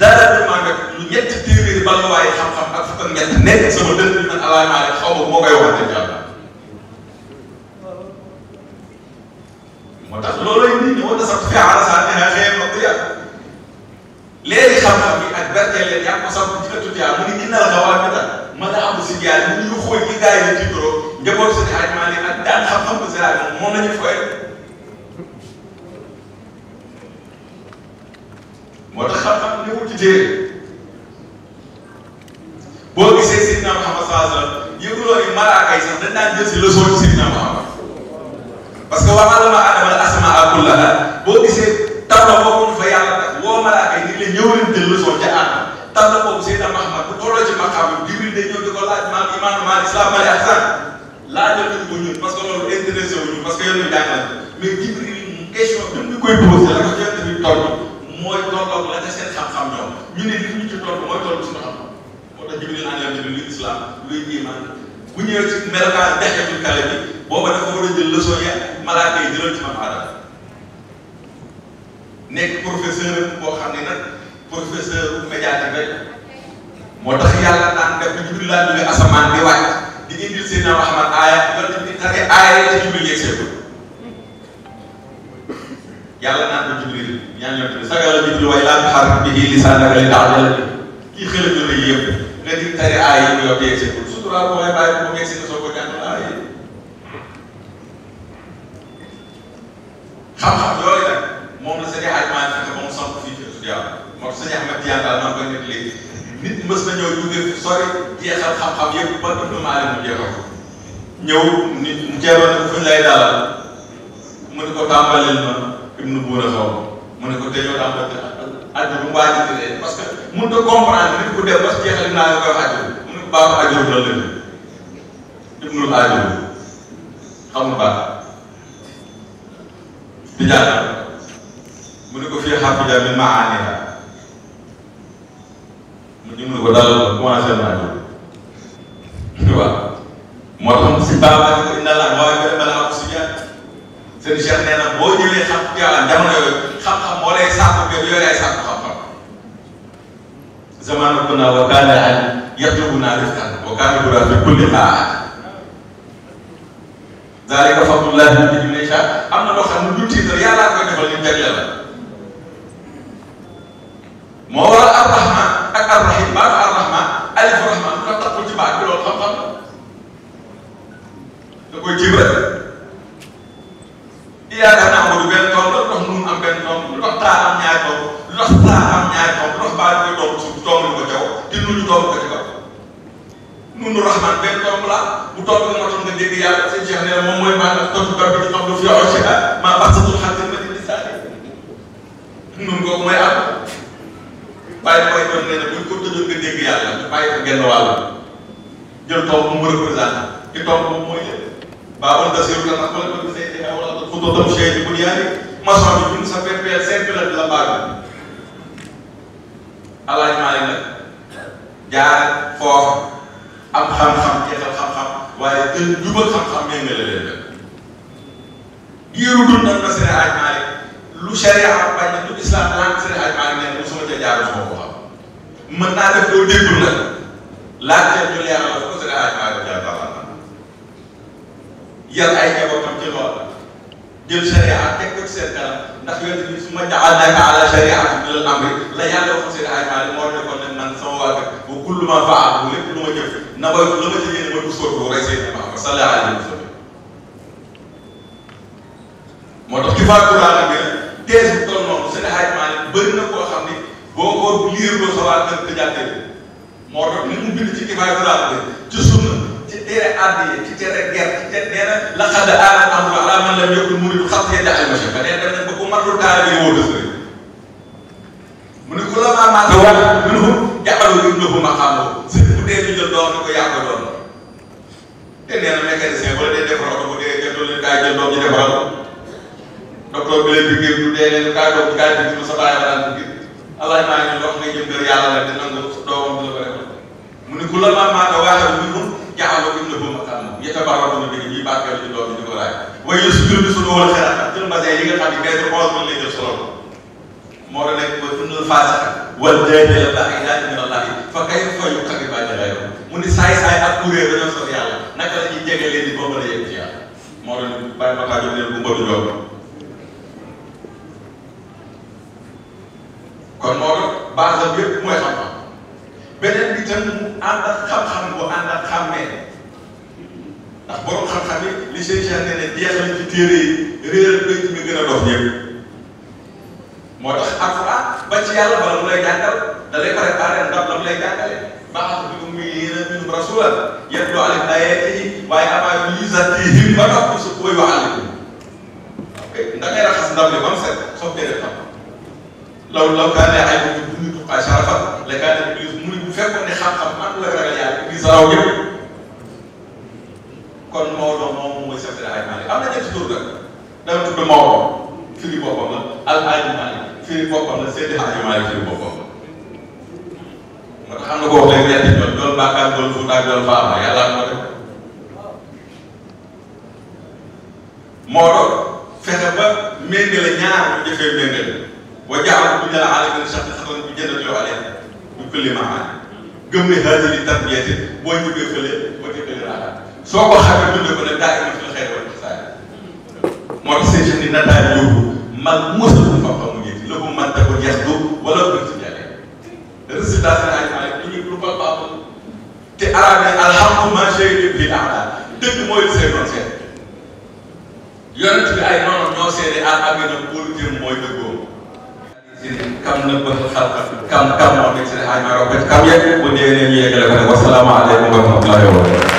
dara du ma nga ñetti téeméeri balluwaay xam-xam ak fukk ak ñett nekk sama dënd bi nag alaay maa rek xaw ma moo koy waxante jàll moo tax loolooy nit ñi moo tax sax fi aarasaa ne xëy na léegi xam-xam bi ak berkeel leen yaa ko samp ci ëttu jaar mu ngi ginnaaw xaw a gëtal mën a am si jaar mu ngi ñu xóoy gi gars yi di tuddoo njaboot si ne ajmaa ne ak daan xam-xam bu zilaat moom moom la ñu fooy moo tax xam-xam newul ci téere boo gisee Seydina Muhammad sallallahu alayhi wa sallam yëguloo ni malaaka yi sax dañ daan jël si leçon ci Seydina Muhammad parce que wa allama Aadama al asmaa kullaha boo gisee taw na boobu fa yàlla woo malaaka yi ni leen ñëw leen jël leçon ca aadama tànn boobu Seydina Mahamad bu tolloo ci maqaama Jibril day ñëw di ko laaj maam iman maal islam mali ahsan laajal nañu ko ñun parce que loolu intéressé wu ñu parce que yéen a jàngal mais Jibril question bi ñu koy posé la ko jënd bi toll mooy tolloog la ca seen xam-xam ñoom ñu ne li ñu ci toll mooy toll suñu xam-xam moo tax Jibril naan leen ne luy islam luy iman bu ñëwee ci melokaan deqeetul kale bi booba dafa war a jël leçon ya malaaka yi jëloon ci maam aadama nekk professeur ak boo ne nag professeur médiatique rek moo tax yàlla daan def ba Jibril laa jóge asamaan di wàcc di indil seen na Muhammad aaya yonent bi tare aaya ci Jibril yeeg seen yàlla naan ko Jibril ñaan yonent bi sagal la Jibril waaye laa tuharrik bihi lisaanaka lita'jala bihi kii xelal la yëpp nga di tare aaya yi mu yokk yeeg seen sutura ko waaye bàyyi ko yeeg seen soo ko jàng aaya yi xam-xam moom la sëñ Aliou Malick ba mu samp fii ci Tuuti Yàlla moo tax sëñ Ahmed Diagne daal maa ngi koy nekk léegi nit mës na ñëw jóge fi sori jeexal xam-xam yëpp ba dund maa leen mu jeexal ñëw nit mu jeexoon ne fuñ lay dalal mu ne ko tàmbalil ma ibnu buur a xaw mu ne ko dañoo tàmbali aju bu mu waajatee parce que mun nga comprendre nit ku dem ba jeexal naa nga koy aju mu ne ko baaxul aju la la ñu ibnul aju xam nga baax di jàngal. mu ne ko fii xafida min maaniha mu ñu mu ne ko dalal commencé naa jóg waaw moo tax si baabaat ko inna la waaye benn balaa ko si jaar seen cheikh nee na boo jëlee xam yàlla jamono yooyu xam-xam moo lay sàkku gën yooyu ay sàkku xam-xam zamanu kunna wa kaana an yatlubuna rizqan wa kaana bura fi kulli xaar zalika fadlullahi yu'tiihi man yashaa am na loo xam ne lu tiital yàlla koy defal ñu jagle la moo waral arrahma ak arrahim baatu arrahma alif rahma lu tax ci baat bi loolu xam-xam da koy la nun am benn doom lu tax taa am ñaari doom lu tax am ñaari doom lu tax baat bi lu ko jaw ko ci rahman benn doom la bu doom bi moo nga dégg yàlla sa jeex ne moom mooy maanaam tontu garab bi xam lu fi di oh, am bàyyi koy doon nee na buñ ko tëjoon nga dégg yàlla bàyyi ko genn wàll jël tomb bu mu représenté ci tomb boobu mooy lépp baaxul nga seetlu la nag wala nga gisee di xew wala fu doon dem chef bi bu yaari maçon bi ñun sa PPL simple la di la baax alaaj maa ngi nag jaar foofu am xam-xam jeexal xam-xam waaye gën jubal xam-xam méngale leen rek diiru dund nag na seen aaj maa lu sharia bañ lu islam daan seen aaj maa ngi ne mosuma ca jaar foofu mën naa def doo déglu nag laajteel ñu leer la parce que ay maa ngi yar ay njabootam ci lool jël sharia teg ko seen kanam ndax yonent bi su ma ja'alnaaka ala shari'atin minal amri la yàlla wax seen ay maa moo nekkoon ne man sama waa kër bu kullu ma faa bu lépp lu ma jëf na ma la ma jëlee ne ma du sóor bu rey seen imaam sallallahu alayhi wa sallam moo tax ci faa Quraan bi tees bu toll noonu seen ay maa bëri na koo xam ni boo ko liir loo sa waa kër tëjaatee moo tax ni mu bind ci kifaay duraat bi ci sunna ci tere àdd ci tere ger ci tere la xadd aara amru ala man lam yakun muridu xam see jaxal ma chefa nee dem ba ku matul taara bi woo dës rek mu ne ku la maa maa tawal mu ne ko jaxalu bi ma xam ko si bu dee ko te na wala bu docteur bi ngir du sa ngir allah maa ngi wax nga jëm yàlla la te nangu doomam bi la ko defal mu ne ku la ma maata waaxal bi mun jaxalo im na bëma xam na yetta baax wax na bëgg ñuy barkeel ci doom bi di ko laaj waaye su jur bi su dool xelal jël mbasin yi nga xam ne benn xool mën lay jël solo moo da nekk mooy unnal faasaka wal dajëla laax i laaji mina laax fa kay fayu xagi bàjjala yow mu ne saay-saay ak kuréel dañoo sot yàlla naka la ñuy jege leen di ba mën a yegg ci yàlla moo da ne bàyyi ma kaa jox leen bu mbadu jox kon moo tax base am yëpp mooy xam-xam beneen bi tam mu ànd ak xam-xam bu ànd ak xàmmee ndax borom xam-xam yi li seen cher ne ne jeexal ci téere yi réer ak bëgg nga gën a dox ñëpp moo tax alxuraan ba ci yàlla bala mu lay jàngal da lay préparé ndam la mu lay jàngale baax bi mu muy yéen a minum rasula yetlu alayhim aayaatihi waaye amaa yuzakkiihim ba noppi su koy waxal ndax ngay raxas ndam li ba mu set soog dee def xam-xam لو لو كان يحيى بدون تبقى شرفة لكان الإبليس مولي بفاق أني خاق ما نقول لك رجل يعني إبليس راو جيب كون مولا مولا مولا سيف سيد عائد مالك أمنا جيب تدور لك دعم ما العائد مالك فيلي بوقا ما سيد عائد مالك فيلي بوقا ما مرحبا نقول لك يا تجول دول باكار دول فوتا دول فاما يا الله مولا مولا فهبا مين لنيا مجفين مين لنيا وجعلوا من العالم الشخص خطر بجلد عليه بكل معاني قم هذه التربية ويجب يخلي ويجب يخلي صعب خير من يكون دائما في الخير والإحسان مرسيش أن نتعلم يوهو من مسلم فقط مجيد لهم من تكون يخدو ولا بنت جالي رسل تاسي عليك عليك إني قلوب الباطل تأرامي الحق ما شيء في الأعلى دك مويل سيكون سيكون يونت في أي نوع نوع سيدي أعلى من القول في المويل دكو kam na ba xam kam kam wax nga ci ne xaymaa yoo xam kam yegg bu dee ne ñu yeggale ko ne wasalaamaaleykum wa rahmatullahi wa barakatuh.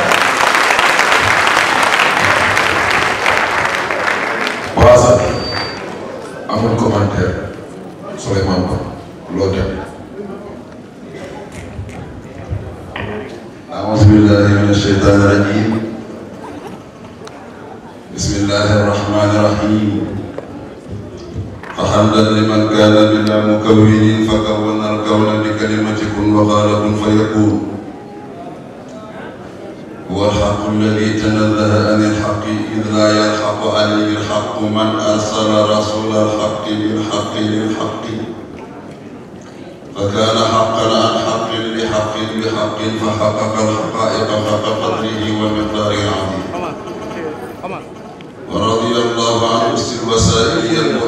waaw sax amul commentaire Souleymane Ba loo dem. aouzu billahi mina shaytaani rajim الكوني فكون الكون بكلمة كن وغالب فيكون هو الحق الذي تنزه عن الحق إذ لا يلحق عليه الحق من أرسل رسول الحق بالحق للحق فكان حقا عن حق لحق بحق فحقق الحقائق حق قدره ومقداره العظيم ورضي الله عنه أس الوسائل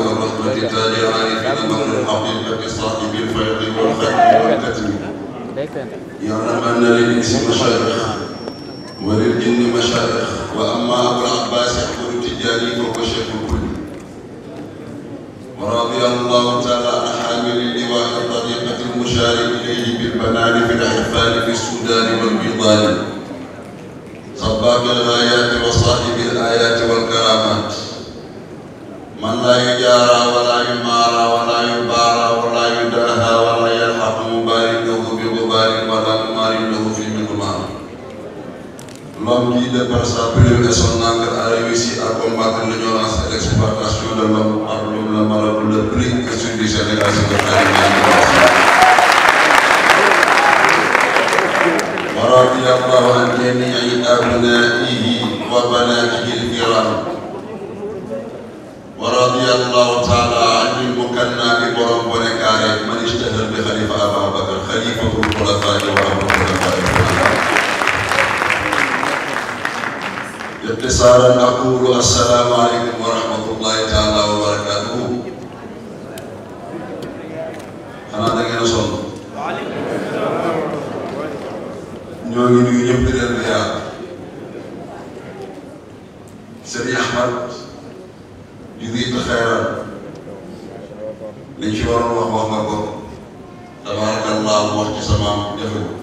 والقتال عارفين لهم حقيقة صاحب الفيض والختم والكتم يعلم أن للإنس مشايخ وللجن مشايخ وأما أبو العباس أحمد التجاري فهو شيخ الكل ورضي الله تعالى عن حامل اللواء الطريقة المشارك إليه بالبنان في الأحفال في السودان والبيضان سباق الغايات وصاحب الآيات والكرامات من لا يجارى ولا يمارى ولا يبارى ولا يداهى ولا يلحق مبارك له بغبار ولا مماري له في من المال L'homme guidé par sa prière et son anger a réussi à combattre l'ignorance et l'exploitation de l'homme par l'homme la maladie le prix que celui des générations de la ورضي الله عن جميع أبنائه وبناته الكرام radiyallahu ta'ala anil mukanna bi borom bone kaare man ishtahar bi khalifa Abu Bakr khalifatul khulafa'i wa abu اختصارا اقول السلام عليكم ورحمه الله تعالى ñoo di ci waroon wax wax ko tabarakallah wax ci sama jafe ko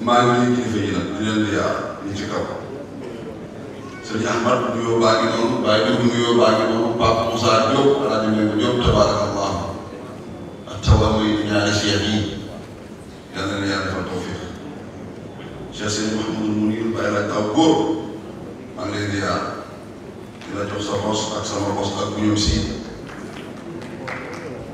maa ngi leen kilifa yi nag di leen kaw sëñ Ahmad bu nuyoo baa ngi noonu bàyyi bi bu nuyoo baa ngi noonu Pape Moussa Diop rajo Ndeye Diop tabarakallah ak tawa muy ñaari seex yi yàlla na yàlla defal tawfiq Cheikh Seydi Mouhamadou Mounir bàyyi la taw góor maa ngi leen di yaar di sa xos ak sama xos ak bu ñoom sii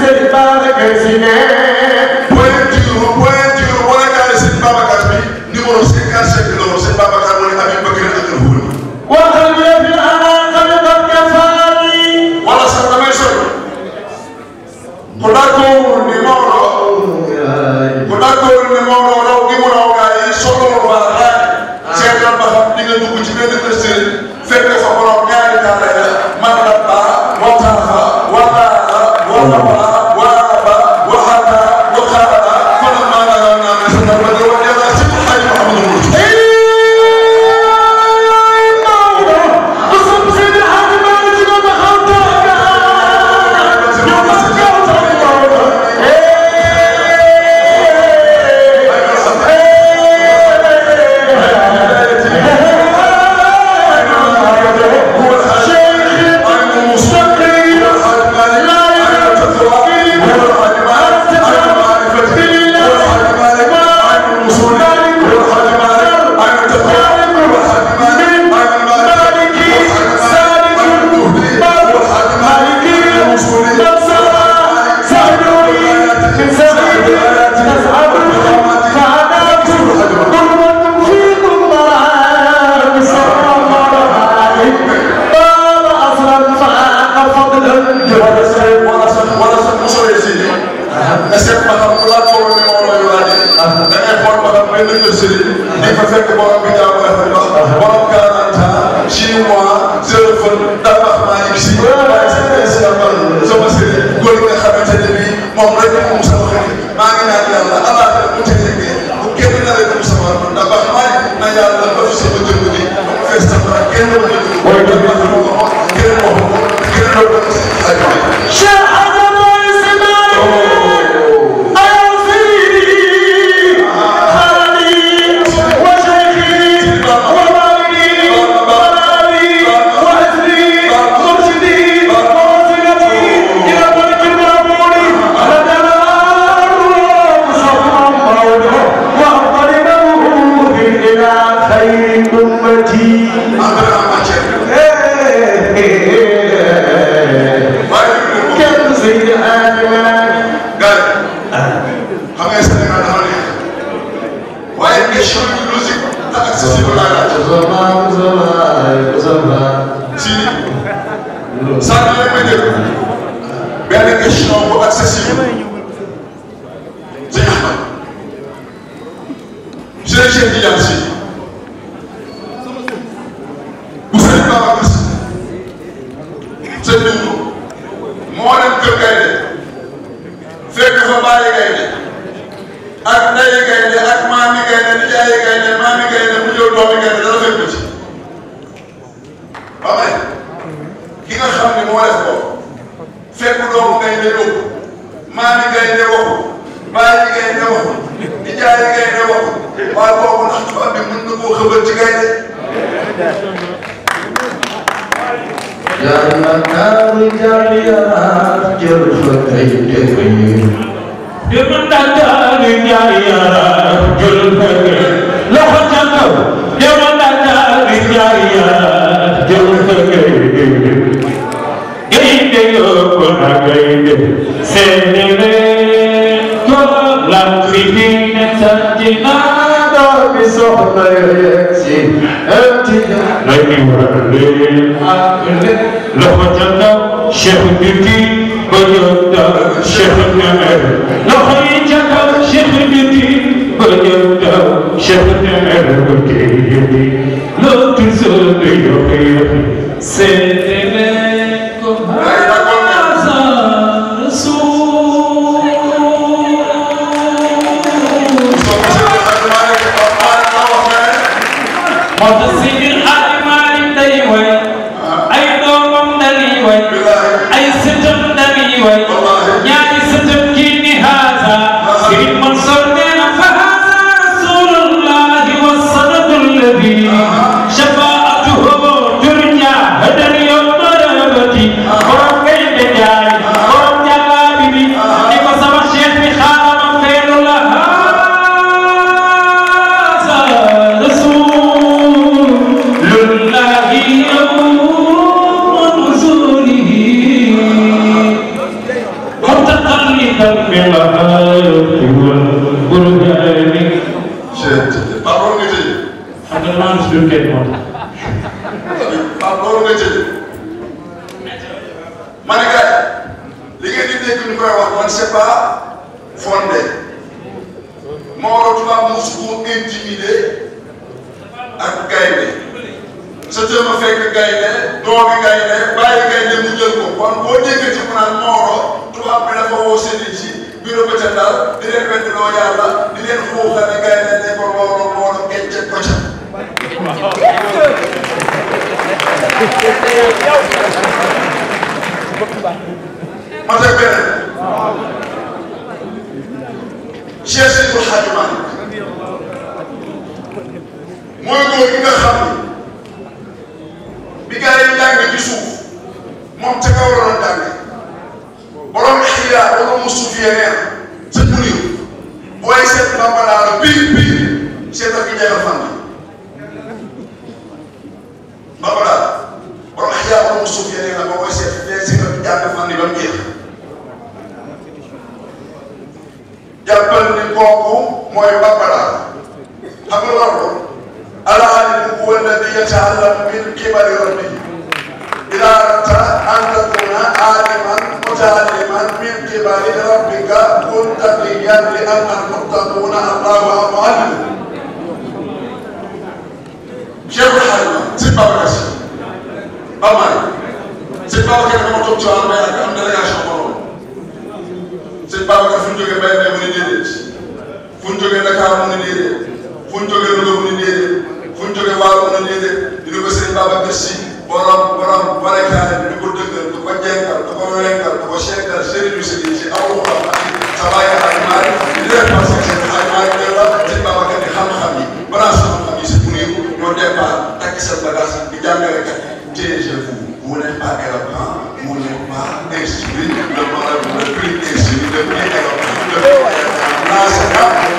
Misericordia que sin él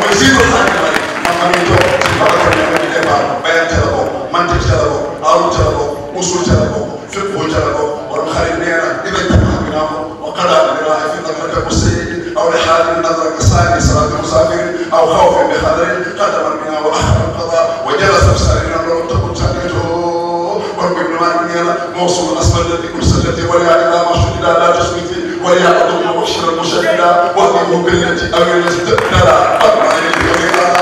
ويزيد الحاجة أما نتوى تبارك من الإبا بيان تلقو منطق تلقو أرو تلقو أصول تلقو فقه تلقو والمخالي بنينا إذا انتبه منه وقضى لله في قدرة السيد أو لحال النظر كسائر صلاة المسافر أو خوف بخضر قدم منها وأحرم القضاء وجلس بسائرنا ولم تكن تنيته ورب ابن مالك موصول أسفل الذي كل سجدته ولا إلى مخشود لا تشوي ويا أرض محشر المشلة واهدموا بالتي أمل استبدلا أرض الكبيرة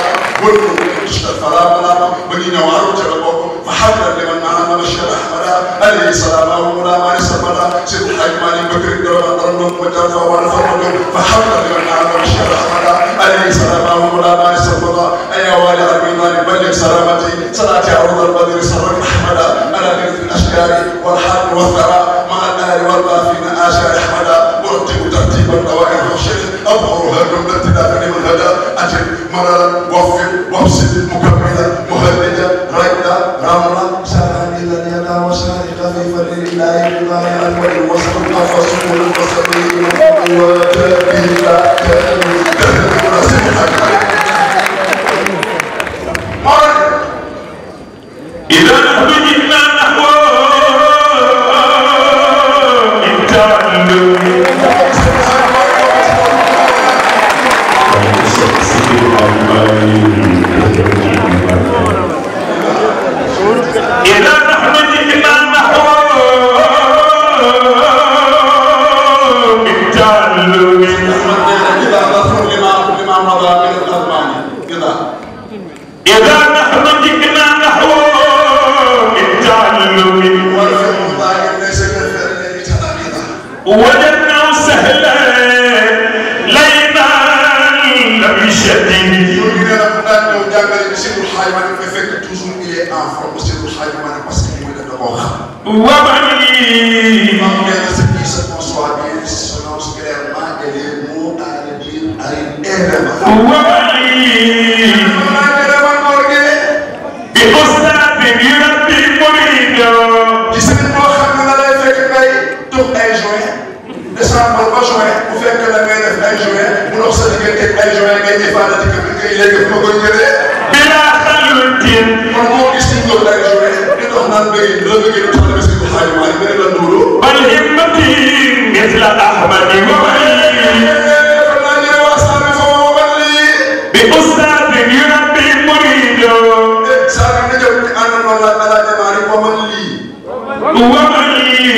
والنور تشتى فراغنا ونينا وعروج ربكم فحرر لمن معنا مشي رحمنا ألي سلامه ولا ما يسمنا سيد الحاج مالي بكر الدولة ضرنهم وجرفا ونفرهم فحرر لمن معنا مشي رحمنا ألي سلامه ولا ما يسمنا أي والي أرمينا لبلغ سلامتي صلاتي عروض البدر سرك أحمدا أنا من الأشجار والحرب والثرى مع الأهل والبافين آشار أحمدا نرتب ترتيبا قواعد الخشيه اظهرها جمله داخل منهجا اجل مرارا وفر وابسط مكملا مهددا رجلا رملا سارا الى اليدا وسارقا في فر الى ابقاء الول وسط الرسول المصري وتابعه تابعه تابعه toog ay juin décembre ba juin bu fekkee da ngay def ay juin mu dox sa diggante ay juin ngay jëfaanati kër gi ngay léegi ma koy jëlee. dinaa xaymatiin. kon moo gis ñu doon ay juin di dox naan béy bi la bëggee dox na si ko xayma waaye benn la duuru. bal himmatiin misla ahmadi Wow.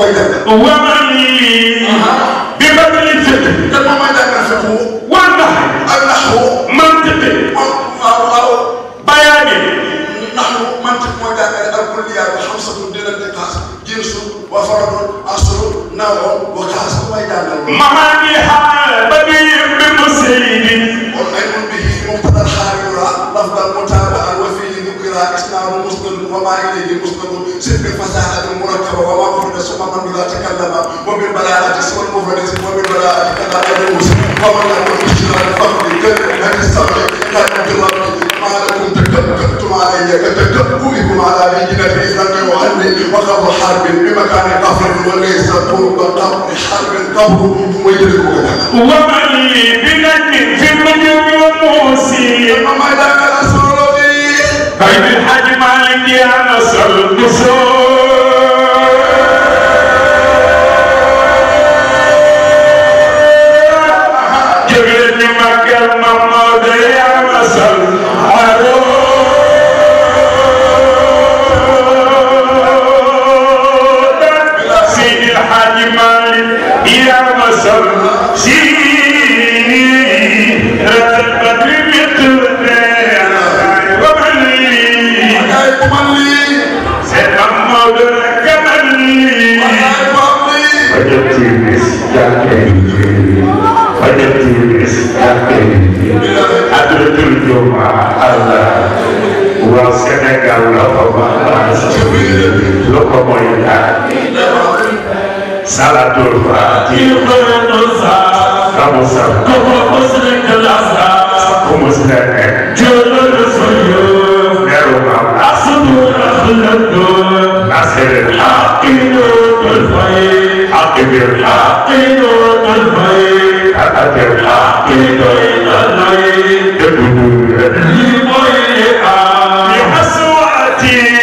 koy def de. waaw maa nii. bi ba tey jënd. te moom mooy jàngal sa koo. wàll ndax. ak ndax koo. man tëddee. waaw waaw waaw. bayaane. ndax man tëdd mooy jàngale ak kulliyaat xam sa bu dina de kaas. jiir su wa faradun asru nawoon wa kaas mooy jàngal. mamaa ni xaar ba biir bi mu sëy bi. kon ay mun bi moom peut être xaar yu la lafdal mutaabaa wa fii ni kira isnaaru muslim wa maa ilayhi muslim sirbi fasaxatin murakkaba wa إذا تكلم وبالبلاءة والمفردة وبالبلاءة كما يدوس ومن لم يشتغل الفرد كان هل يستطيع كان بربي ما لكم تكبتم علي كتكبئكم على بينة إذا يعلي وقبر حرب بمكان قفر وليس قرب قبر حرب قبر ويدركك ومن بلد في المجر والموسي أما إذا كان سروري بين الحج مالك يا نصر النصور Sénégal la ko baax loo ko mooy daal صلاة الفاتحة كم سر كم مسلك الأسرى كم مسلك جل الرسول نرمى أصدر أخلد نصر الحق نور الفيل حق بالحق نور الفيل حق بالحق نور الفيل تبدو لبوي لحسواتي